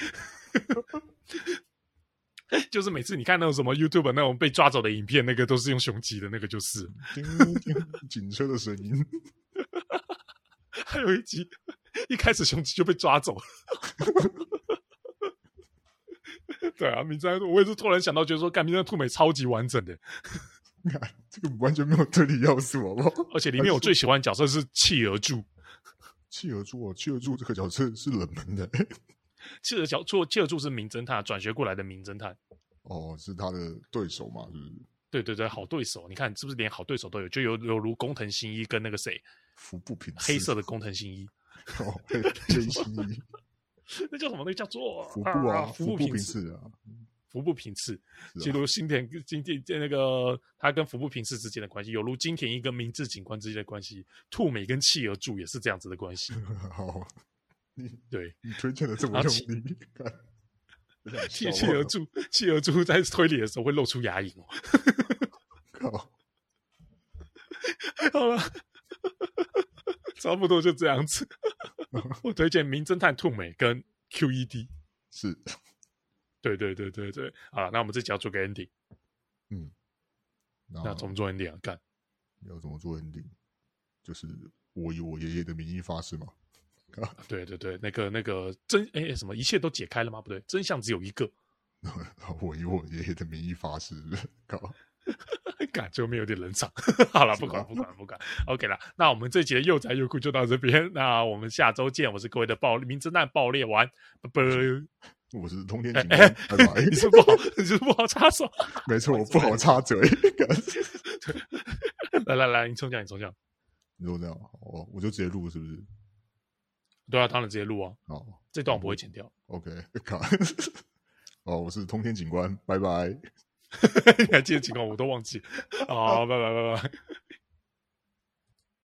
[laughs] 就是每次你看那種什麼 YouTube 那種被抓走的影片，那個都是用熊吉的那個，就是 [laughs] 聽聽警車的聲音， [laughs] 還有一集。一開始兇器就被抓走了。 [laughs] [laughs] 對啊，名偵探我也是突然想到，就是說，幹，名偵探兔美超級完整的，你看這個完全沒有推理要素，好不好？而且裡面我最喜歡的角色是契爾柱。契爾柱、哦，契爾柱這個角色是冷門的、欸。契爾角，做契爾柱是名偵探轉學過來的名偵探。哦，是他的對手嘛？是，是對對對，好對手。你看是不是連好對手都有？就有，有如工藤新一跟那個誰，服部平黑色的工藤新一。哦，分析， [laughs] 那叫什麼？那叫做服部啊，服部平次啊，服部平次，就、啊、如新田跟金田在那個他跟服部平次之間的關係，有如金田一跟明智警官之間的關係，兔美跟棄兒柱也是這樣子的關係。嗯、好，你對你推理的這麼用力，棄棄兒柱棄兒柱在推理的時候會露出牙齦哦。 [laughs] 靠 [laughs] 好啦，好了。差不多就這樣子， [laughs] 我推薦《名偵探兔美》跟 QED。是對,對,對,對,對，對，對，對，對。啊，那我們這集要做個 ending。嗯那，那怎麼做 ending 啊？幹？要怎麼做 ending？就是我以我爺爺的名義發誓嘛。 [laughs] 對，對，對，那個，那個真誒什麼？一切都解開了嗎？不對，真相只有一個。 [laughs] 我以我爺爺的名義發誓，搞。感覺我們有點冷場， [laughs] 好了，不管不管不管，OK 了。那我們這集的又宅又酷就到這邊，那我們下周見。我是各位的爆名偵探，爆裂丸拜拜、呃！我是通天警官，欸、是你是不，是不好， [laughs] 你是不，是不好插手，沒錯，我不好插嘴。 [laughs] [laughs] 來來來，你抽獎，你抽獎，你抽獎，我我就直接錄，是不是？對啊，當然直接錄啊、哦。好，這段我不會剪掉。OK，卡。 [laughs] 好，我是通天警官， [laughs] 拜拜。 [laughs] 你還記得情況？ [laughs] 我都忘記。好，拜拜拜拜。